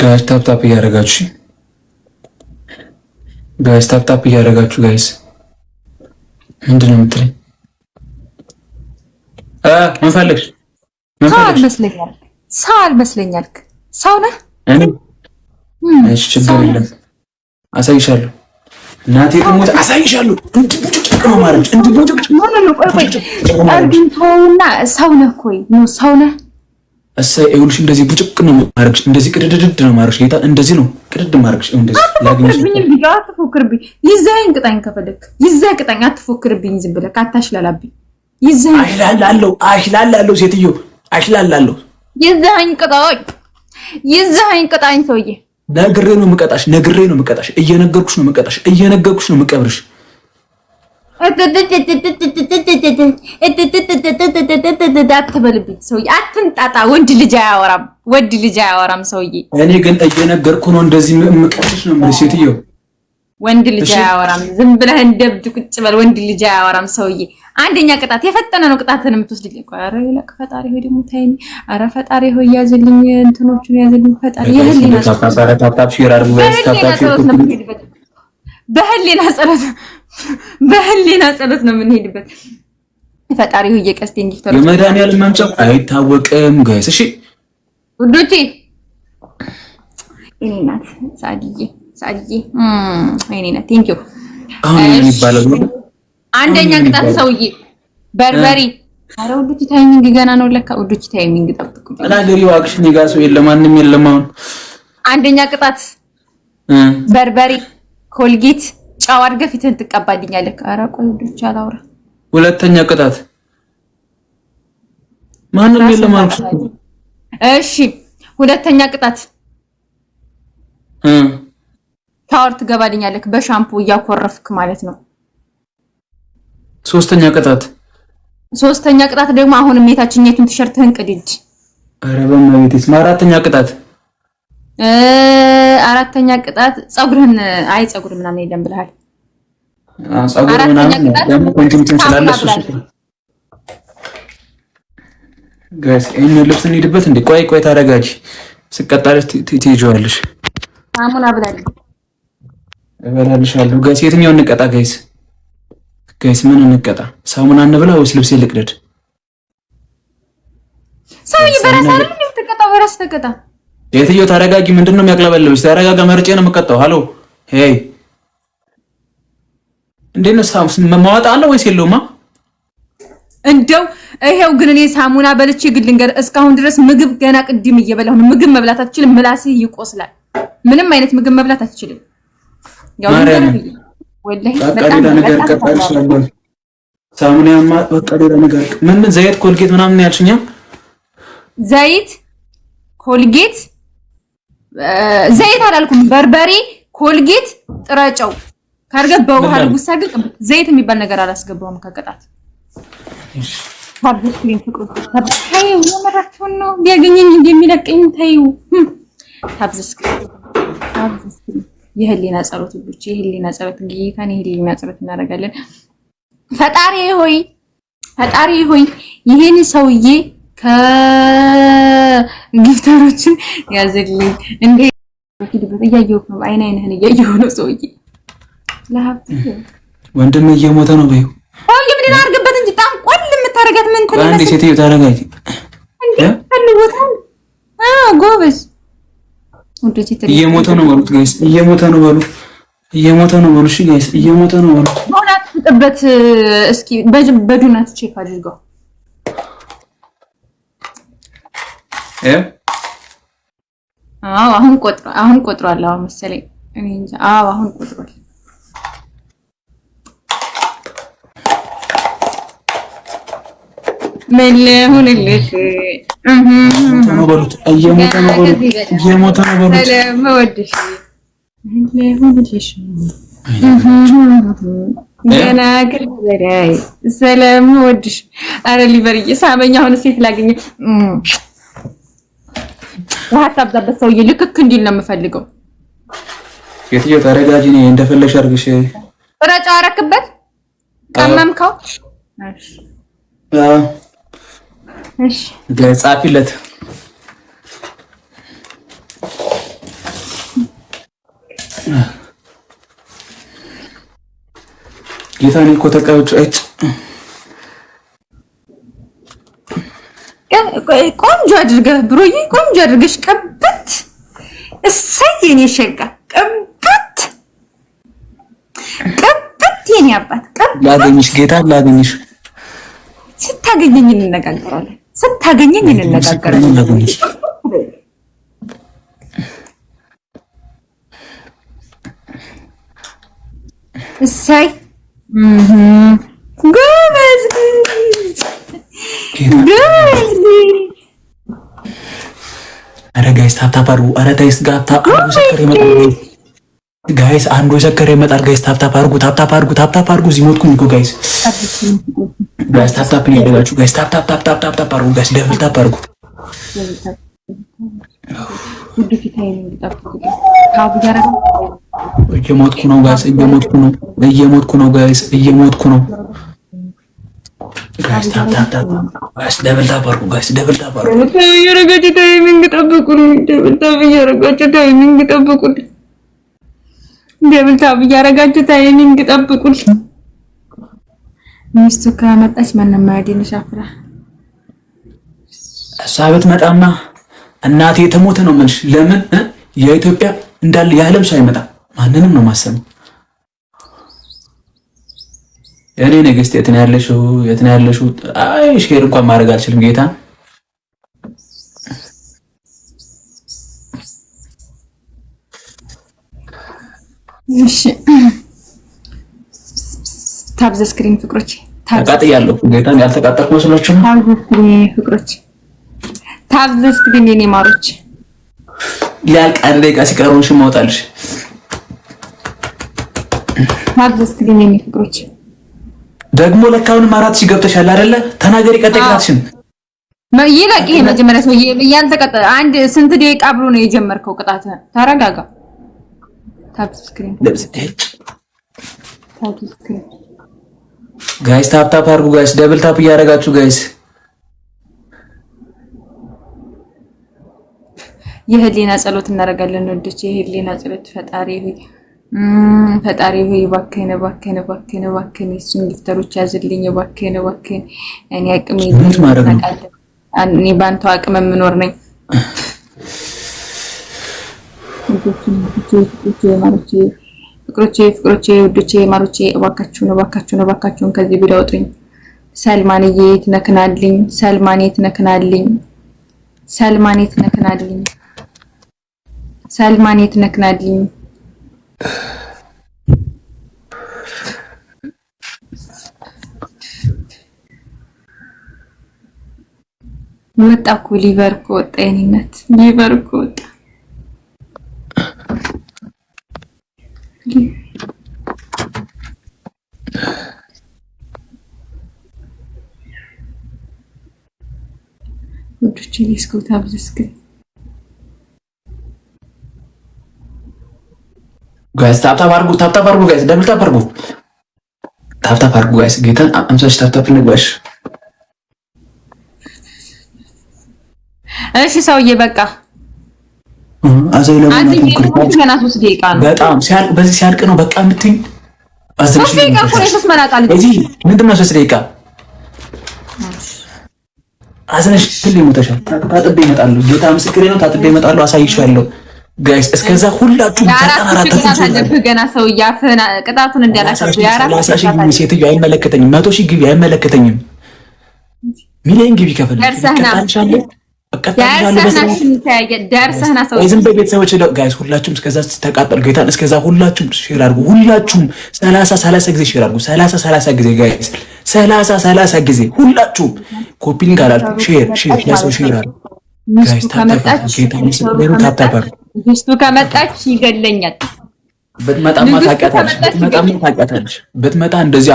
ጋይስ ታፕታፕ እያደረጋችሁ ጋይስ ታፕታፕ እያደረጋችሁ ጋይስ ምንድን ነው የምትለኝ? ምን ፈለግሽ? ሰው አልመስለኛል። ሰው አልመስለኛል። ሰው ነህ? እሺ ችግር የለም አሳይሻለሁ። እናቴ ትሞት አሳይሻለሁ። እንድቦጭቅ ነው ቆይ ቆይ አግኝቶውና ሰው ነህ? ቆይ ሰው ነህ እሰይ ይኸውልሽ እንደዚህ ቡጭቅ ነው ማድረግሽ፣ እንደዚህ ቅድድድ ነው ማድረግሽ። ጌታ እንደዚህ ነው ቅድድ ማድረግሽ። እንደዚህ አትፎክርብኝ፣ ቢያ አትፎክርብኝ። ይዘኸኝ ቅጣኝ ከፈለክ፣ ይዘህ ቅጣኝ። አትፎክርብኝ፣ ዝም ብለህ አታሽላላብኝ። ይዘኸኝ አሽላላለሁ፣ አሽላላለሁ፣ ሴትዮ አሽላላለሁ። ይዘኸኝ ቅጣኝ፣ ይዘኸኝ ቅጣኝ። ሰውዬ ነግሬ ነው የምቀጣሽ፣ ነግሬ ነው የምቀጣሽ፣ እየነገርኩሽ ነው የምቀጣሽ፣ እየነገርኩሽ ነው የምቀብርሽ። ዳክ ትበልብኝ ሰውዬ፣ አትንጣጣ። ወንድ ልጅ አያወራም፣ ወንድ ልጅ አያወራም ሰውዬ። እኔ ግን እየነገርኩ ነው፣ እንደዚህ የምቀጥልሽ ነው የምልሽ ሴትዮ። ወንድ ልጅ አያወራም፣ ዝም ብለህ እንደ ቁጭ በል። ወንድ ልጅ አያወራም ሰውዬ። አንደኛ ቅጣት የፈጠነ ነው ቅጣትን የምትወስድልኝ። ኧረ ይለቅ ፈጣሪ ሆይ ደግሞ ታይኝ። ኧረ ፈጣሪ ሆይ ያዝልኝ፣ እንትኖቹን ያዝልኝ ፈጣሪ። የህሊና በህሊና ጸሎት ነው የምንሄድበት ፈጣሪ ሆይ የቀስቴን ጊፍት ወርቅ የመድኃኒዓለም መምጫው አይታወቅም። ጋይስ እሺ ውዶቼ፣ የኔ ናት ሳድዬ ሳድዬ፣ የኔ ናት። ቴንክ ዩ። አሁን የሚባለው አንደኛ ቅጣት ሰውዬ በርበሪ አረ ውዶቼ፣ ታይሚንግ ገና ነው ለካ። ውዶቼ፣ ታይሚንግ ጠብቁ። አላገሪው አክሽን ጋር ሰው የለም፣ ማንም የለም። አሁን አንደኛ ቅጣት በርበሬ፣ ኮልጌት፣ ጫው አድርገህ ፊትህን ትቀባልኛለህ። አረ ቆይ ውዶቼ፣ አላውራ ሁለተኛ ቅጣት ማንም የለም አልኩት። እሺ ሁለተኛ ቅጣት ሻወር ትገባልኛለህ በሻምፑ እያኮረፍክ ማለት ነው። ሶስተኛ ቅጣት ሶስተኛ ቅጣት ደግሞ አሁንም የታችኛቱን ቲሸርትህን ቅድድ። ኧረ በማቤቴስ አራተኛ ቅጣት አራተኛ ቅጣት ፀጉርህን አይ ፀጉር ምናምን የለም ብለሃል። ጸጉር ምናምን ደግሞ ኮንቲኒቲ ስላለ እሱ ጋይስ ይሄን ልብስ እንሂድበት። እንደ ቆይ ቆይ ታረጋጅ ስቀጣለች ትይዤዋለሽ። ሳሙና ብላለች እበላልሻለሁ። ጋይስ የትኛውን እንቀጣ? ጋይስ ጋይስ ምን እንቀጣ? ሳሙና እንብላ ወይስ ልብስ ልቅደድ? ሰውዬ በራስ አይደል ተቀጣ፣ በራስ ተቀጣ። የትኛው ታረጋጊ? ምንድን ነው የሚያቅለበልብሽ? ተረጋጋ። መርጬ ነው የምቀጣው። ሄሎ ሄይ እንዴት ነው መማወጣ አለ ወይስ የለውማ? እንደው ይሄው ግን እኔ ሳሙና በልቼ ግል ልንገር፣ እስካሁን ድረስ ምግብ ገና ቅድም እየበላሁ ነው። ምግብ መብላት አትችልም፣ ምላስህ ይቆስላል። ምንም አይነት ምግብ መብላት አትችልም። ያው ሳሙናማ በቃ ሌላ ነገር ምን ዘይት፣ ኮልጌት ምናምን ያልሽኛ፣ ዘይት፣ ኮልጌት፣ ዘይት አላልኩም፣ በርበሬ፣ ኮልጌት፣ ጥረጨው ካርገ በውሃ ልውሳግቅ ዘይት የሚባል ነገር አላስገባውም። ከቅጣት ታብስክሪን ፍቅሩ ታብስክሪን ነው ቢያገኘኝ እንደሚለቀኝ ታዩ ታብስክሪን ታብስክሪን የህሊና ጸሎት ብቻ የህሊና ጸሎት ጌታን የህሊና ጸሎት እናደርጋለን። ፈጣሪ ሆይ ፈጣሪ ሆይ ይሄን ሰውዬ ከጊፍተሮችን ያዘልኝ እንዴ እያየሁ ነው። አይን አይንህን እያየሁ ነው ሰውዬ ወንድም እየሞተ ነው። በይው ቆይ ምን አድርግበት እንጂ ጣም የምታደርጋት ምን ትለኝ? አንዴ ሴትዮ ታደርጋት ጎበዝ። እየሞተ ነው በሉት ጋይስ፣ እየሞተ ነው እየሞተ ነው እሺ ጋይስ፣ እየሞተ ነው ዶናት ጥበት እስኪ በዶናት ቼክ አድርገው እ አዎ አሁን ቆጥሮ አሁን ቆጥሯል። አዎ መሰለኝ አዎ አሁን ቆጥሯል። ምን ልሁንልሽ? እየሞተ አረ ሊበርዬ ሳመኝ። አሁን ሴት ላገኘ ታብዛበት ሰውዬ ልክክ እንዲል ነው የምፈልገው። ሴትዮ ተረጋጂ፣ እንደፈለሽ አድርግሽ። ረጫ አረክበት ቀመምከው ጻፊለት። ጌታ እኔ እኮ ተቃውጭ እጭ ቆንጆ አድርገህ ብሮዬ፣ ቆንጆ አድርገሽ ቀበት። እሰይ የኔ ሸጋ ቀበት፣ ቀበት የኔ አባት ቀበት። ላገኝሽ ጌታ ላገኝሽ። ስታገኘኝ እንነጋገራለን። setahannya ini adalah karena sih, sih, uh huh, ada guys harta paru ada guys gata harus terima ጋይስ አንዱ የሰከረ ይመጣል። ጋይስ ታፕታፕ አድርጉ፣ ታፕታፕ አድርጉ፣ ታፕታፕ አድርጉ። እዚህ ሞትኩኝ እኮ ጋይስ። ጋይስ ታፕታፕ ነው ጋይስ ታፕታፕ ታፕታፕ ታፕታፕ አድርጉ ጋይስ፣ ደብል ታፕ አድርጉ። እየሞትኩ ነው ጋይስ፣ እየሞትኩ ነው፣ እየሞትኩ ነው ጋይስ፣ እየሞትኩ ነው ጋይስ። ታፕታፕ ታፕ ጋይስ፣ ደብል ታፕ አድርጉ ጋይስ፣ ደብል ታፕ አድርጉ። እያደረጋችሁ ታይሚንግ ጠብቁን፣ ደብል ታፕ እያደረጋችሁ ታይሚንግ ጠብቁን። እንደምታብ እያረጋችሁ ታይኒን ግጠብቁል። ሚስቱ ከመጣች ማንም ማያድን ሻፍራ እሷ ብትመጣማ እናቴ ተሞተ ነው የምልሽ። ለምን የኢትዮጵያ እንዳለ የዓለም ሰው አይመጣ ማንንም ነው ማሰብ። የእኔ ንግስት የት ነው ያለሽው? የት ነው ያለሽው? አይ ሼር እንኳን ማድረግ አልችልም ጌታ እሺ ታብ ዘ ስክሪን ፍቅሮች ተቃጥያለሁ። ጌታን ያልተቃጠልኩ መስሎች ነው። ታብ ዘ ስክሪን ፍቅሮች፣ ታብ ዘ ስክሪን የኔ ማሮች፣ ሊያልቅ አንድ ደቂቃ ሲቀሩሽ ማውጣልሽ። ታብ ዘ ስክሪን የኔ ፍቅሮች። ደግሞ ለካውን ማራት አራት ሺህ አይደለ? ተናገሪ። ቀጠቅራትሽን ይለቅ። ይሄ መጀመሪያ ሰው ያልተቀጠለ አንድ ስንት ደቂቃ ብሎ ነው የጀመርከው? ቅጣት ተረጋጋ። ጋይስ ታፕ ታፕ አድርጉ ጋይስ፣ ደብል ታፕ እያደረጋችሁ ጋይስ። የህሊና ጸሎት እናደርጋለን ወንዶች፣ የህሊና ጸሎት ፈጣሪ ሆይ ፈጣሪ ሆይ ባክህን ባክህን ባክህን ባክህን እሱን ጊፍተሮች ያዝልኝ ባክህን ባክህን። እኔ አቅሜ እኔ ባንተው አቅም የምኖር ነኝ። እህቶችን ልጆቼ ፍቅሮቼ ማሮቼ ፍቅሮቼ ፍቅሮቼ ውዶቼ ማሮቼ እባካችሁን እባካችሁን እባካችሁን ከዚህ ቢዳ አውጡኝ። የት ነክናልኝ ሰልማኔ መጣኩ ሊቨር እኮ ወጣ እናት ሊቨር እኮ ወጣ ወዶቼ ሊስኩት አብዝስክ ጋይስ ታፕታፕ አድርጉ፣ ታፕታፕ አድርጉ ጋይስ፣ ደብል ታፕ አድርጉ፣ ታፕታፕ አድርጉ ጋይስ። ጌታን አምሳሽ ታፕታፕ እንግባሽ። እሺ ሰውዬ በቃ አዘው ለምን በጣም በዚህ ሲያልቅ ነው በቃ የምትይኝ። ምንድን ነው ሶስት ደቂቃ አዝነሽ ትል ይሞተሻል። ታጥቤ ይመጣሉ። ጌታ ምስክሬ ነው። ታጥቤ እመጣለሁ። አሳይሻለሁ። ጋይስ እስከዛ ሁላችሁ ገና ሰው ያራ ሴትዮ አይመለከተኝም። መቶ ሺህ ግቢ አይመለከተኝም። ሚሊዮን ግቢ ከፈለ ቀጣንሻለሁ። ዝም በይ ቤተሰቦች፣ ጋይስ ሁላችሁም እስከዛ ተቃጠሉ ጌታን። እስከዛ ሁላችሁም ሼር አድርጉ። ሁላችሁም ሰላሳ ሰላሳ ጊዜ ሼር አድርጉ። ሰላሳ ሰላሳ ጊዜ ጋይስ ሰላሳ ሰላሳ ጊዜ ሁላችሁም ኮፒንግ አላችሁ። ሼር ሼር ለሰው ሼር አለ ሚስቱ ከመጣች ይገለኛል። ብትመጣ ታውቂያታለሽ፣ ብትመጣማ ታውቂያታለሽ፣ ብትመጣ እንደዚህ